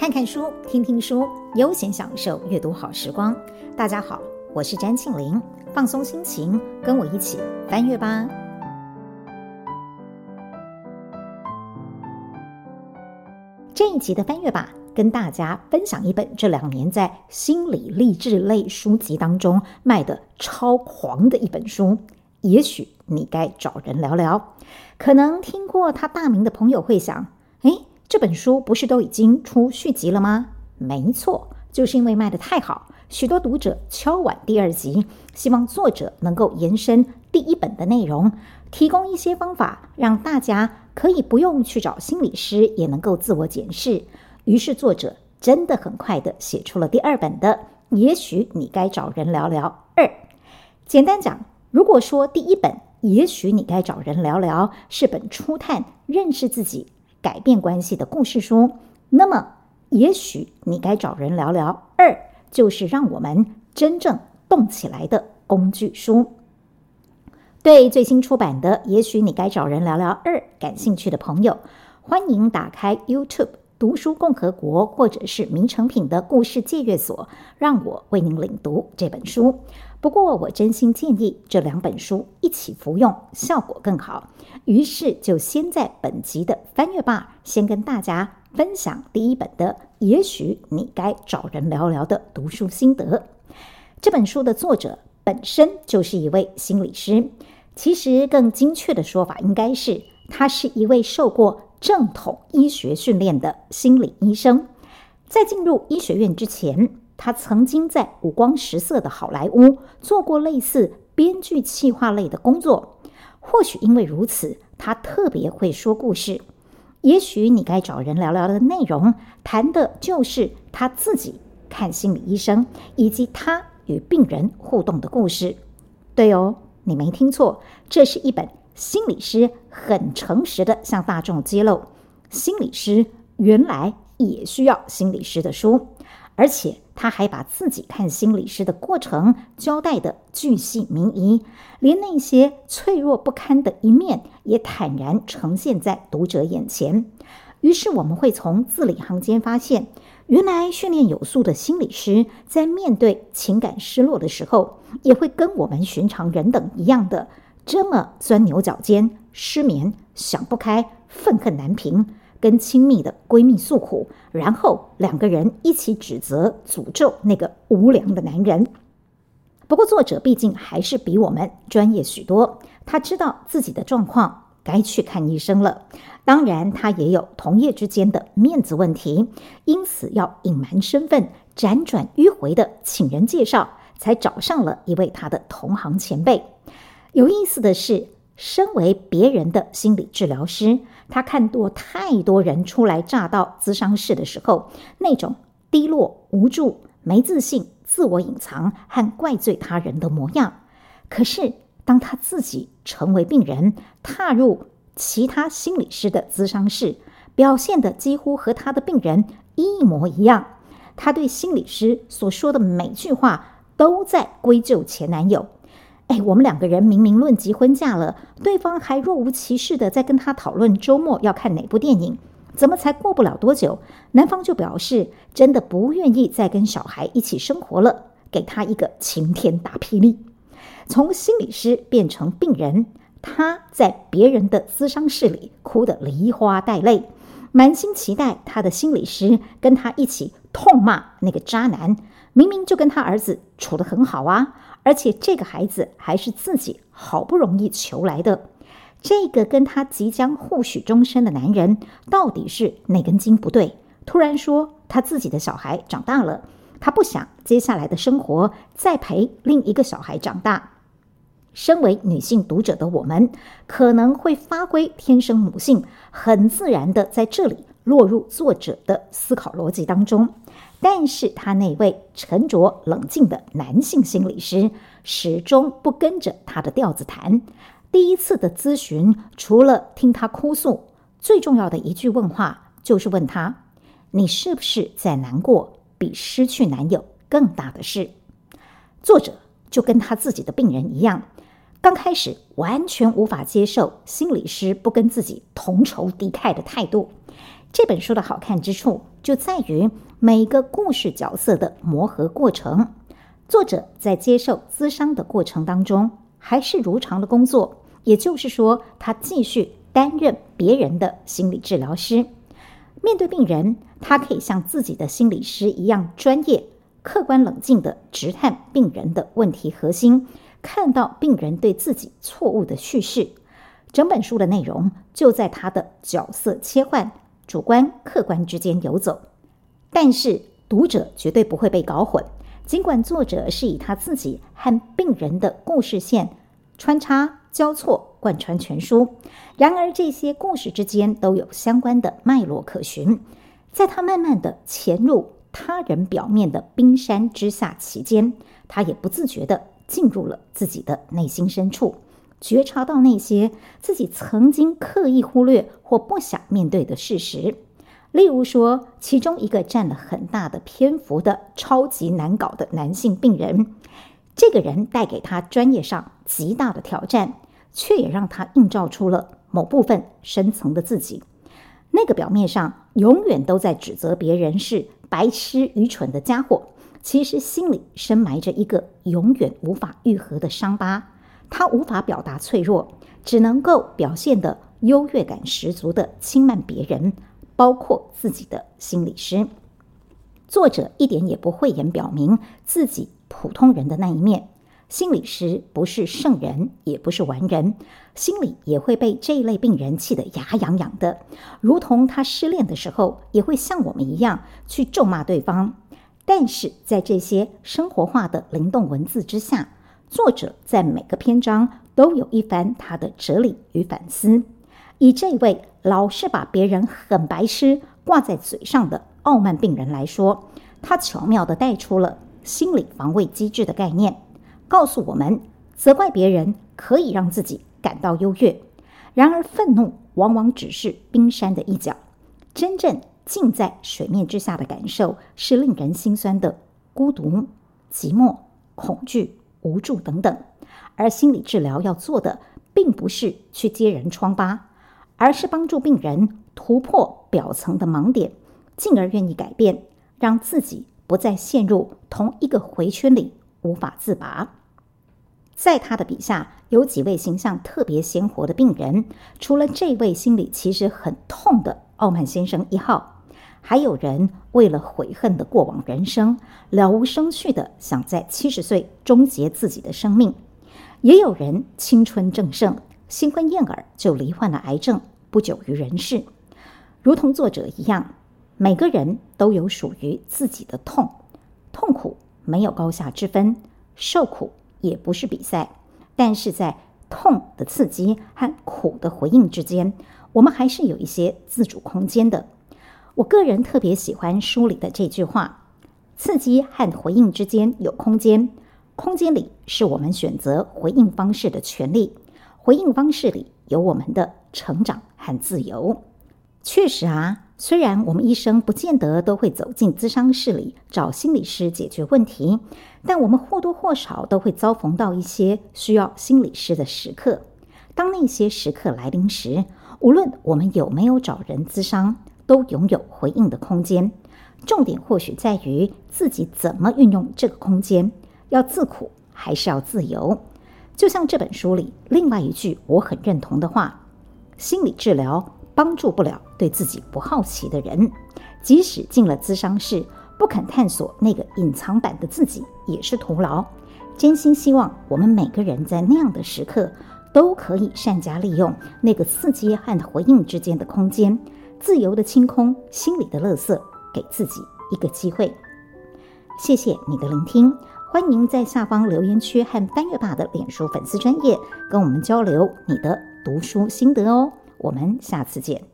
看看書，聽聽書，悠閒享受閱讀好時光。大家好，我是詹慶林，放鬆心情，跟我一起翻閱吧。這一集的翻閱吧，跟大家分享一本這兩年在心理勵志類書籍當中賣得超狂的一本書。也許你該找人聊聊。可能聽過他大名的朋友會想，哎？這本書不是都已經出續集了嗎？沒錯，就是因為賣得太好，許多讀者敲碗第二集，希望作者能夠延伸第一本的內容，提供一些方法，讓大家可以不用去找心理師，也能夠自我檢視。於是作者真的很快地寫出了第二本的《也許你該找人聊聊二》。簡單講，如果說第一本《也許你該找人聊聊》是本初探認識自己。改變關係的故事書，那麼也許你該找人聊聊二，就是讓我們真正動起來的工具書。對最新出版的《也許你該找人聊聊二》感興趣的朋友，歡迎打開 YouTube 讀書共和國，或者是名成品的故事借閱所，讓我為您領讀這本書。不過，我真心建議這兩本書一起服用，效果更好。於是，就先在本集的翻閱吧，先跟大家分享第一本的《也許你該找人聊聊》的讀書心得。這本書的作者本身就是一位心理師，其實更精確的說法應該是，他是一位受過正統醫學訓練的心理醫生。在進入醫學院之前，他曾經在五光十色的好萊塢做過類似編劇、企劃類的工作，或許因為如此，他特別會說故事。也許你該找人聊聊的內容，談的就是他自己看心理醫生以及他與病人互動的故事。對哦，你沒聽錯，這是一本心理師很誠實的向大眾揭露心理師原來也需要心理師的書。而且他還把自己看心理師的過程交代得巨細靡遺，連那些脆弱不堪的一面也坦然呈現在讀者眼前。於是我們會從字裡行間發現，原來訓練有素的心理師在面對情感失落的時候，也會跟我們尋常人等一樣的這麼鑽牛角尖、失眠、想不開、憤恨難平。跟親密的閨蜜訴苦，然後兩個人一起指責、詛咒那個無良的男人。不過，作者畢竟還是比我們專業許多，他知道自己的狀況該去看醫生了。當然，他也有同業之間的面子問題，因此要隱瞞身份，輾轉迂回的請人介紹，才找上了一位他的同行前輩。有意思的是，身為別人的心理治療師，他看多太多人初來乍到諮商室的時候那種低落、無助、沒自信、自我隱藏和怪罪他人的模樣。可是，當他自己成為病人，踏入其他心理師的諮商室，表現得幾乎和他的病人一模一樣。他對心理師所說的每句話，都在歸咎前男友。哎，我們兩個人明明論及婚嫁了，對方還若無其事的在跟他討論周末要看哪部電影，怎麼才過不了多久，男方就表示真的不願意再跟小孩一起生活了，給他一個晴天大霹靂。從心理師變成病人，他在別人的諮商室裡哭得梨花帶淚，滿心期待他的心理師跟他一起痛罵那個渣男，明明就跟他兒子處得很好啊！而且這個孩子還是自己好不容易求來的，這個跟他即將互許終身的男人到底是哪根筋不對？突然說他自己的小孩長大了，他不想接下來的生活再陪另一個小孩長大。身為女性讀者的我們，可能會發揮天生母性，很自然的在這裡落入作者的思考邏輯當中。但是他那位沉着冷靜的男性心理師始終不跟着他的調子談。第一次的諮詢，除了聽他哭訴，最重要的一句問話就是問他：“你是不是在難過，比失去男友更大的事？”作者就跟他自己的病人一樣，剛開始完全無法接受心理師不跟自己同仇敵愾的態度。這本書的好看之處就在於每一個故事角色的磨合過程。作者在接受諮商的過程當中，還是如常的工作，也就是說，他繼續擔任別人的心理治療師。面對病人，他可以像自己的心理師一樣專業、客觀冷靜地直探病人的問題核心，看到病人對自己錯誤的敘事。整本書的內容就在他的角色切換。主觀、客觀之間游走，但是讀者絕對不會被搞混，儘管作者是以他自己和病人的故事線穿插交錯貫穿全書，然而這些故事之間都有相關的脈絡可循。在他慢慢的潛入他人表面的冰山之下期間，他也不自覺的進入了自己的內心深處。覺察到那些自己曾經刻意忽略或不想面對的事實，例如說，其中一個占了很大的篇幅的超級難搞的男性病人，這個人帶給他專業上極大的挑戰，卻也讓他映照出了某部分深層的自己。那個表面上永遠都在指責別人是白痴、愚蠢的家伙，其實心裡深埋着一個永遠無法癒合的傷疤。他無法表達脆弱，只能夠表現得優越感十足的輕慢別人，包括自己的心理師。作者一點也不諱言表明自己普通人的那一面。心理師不是聖人，也不是完人，心裡也會被這一類病人氣得牙癢癢的，如同他失戀的時候，也會像我們一樣去咒罵對方。但是在這些生活化的靈動文字之下。作者在每個篇章都有一番他的哲理與反思。以這位老是把別人很白痴掛在嘴上的傲慢病人來說，他巧妙地帶出了心理防衛機制的概念，告訴我們責怪別人可以讓自己感到優越，然而憤怒往往只是冰山的一角，真正浸在水面之下的感受是令人心酸的孤獨、寂寞、恐懼、無助等等，而心理治療要做的，並不是去揭人瘡疤，而是幫助病人突破表層的盲點，進而願意改變，讓自己不再陷入同一個回圈裡無法自拔。在他的筆下，有幾位形象特別鮮活的病人，除了這位心裡其實很痛的傲慢先生一號。還有人為了悔恨的過往人生，了無生趣的想在七十歲終結自己的生命；也有人青春正盛、新婚燕爾就罹患了癌症，不久於人世。如同作者一樣，每個人都有屬於自己的痛，痛苦沒有高下之分，受苦也不是比賽。但是在痛的刺激和苦的回應之間，我們還是有一些自主空間的。我個人特別喜歡書裡的這句話：“刺激和回應之間有空間，空間裡是我們選擇回應方式的權利，回應方式裡有我們的成長和自由。”確實啊，雖然我們一生不見得都會走進諮商室裡找心理師解決問題，但我們或多或少都會遭逢到一些需要心理師的時刻。當那些時刻來臨時，無論我們有沒有找人諮商。都擁有回應的空間，重點或許在於自己怎麼運用這個空間，要自苦還是要自由？就像這本書裡另外一句我很認同的話：“心理治療幫助不了對自己不好奇的人，即使進了諮商室，不肯探索那個隱藏版的自己也是徒勞。”真心希望我們每個人在那樣的時刻都可以善加利用那個刺激和回應之間的空間。自由的清空心裡的垃圾，給自己一個機會。謝謝你的聆聽，歡迎在下方留言區和翻閱 BAR 的臉書粉絲專頁跟我們交流你的讀書心得哦。我們下次見。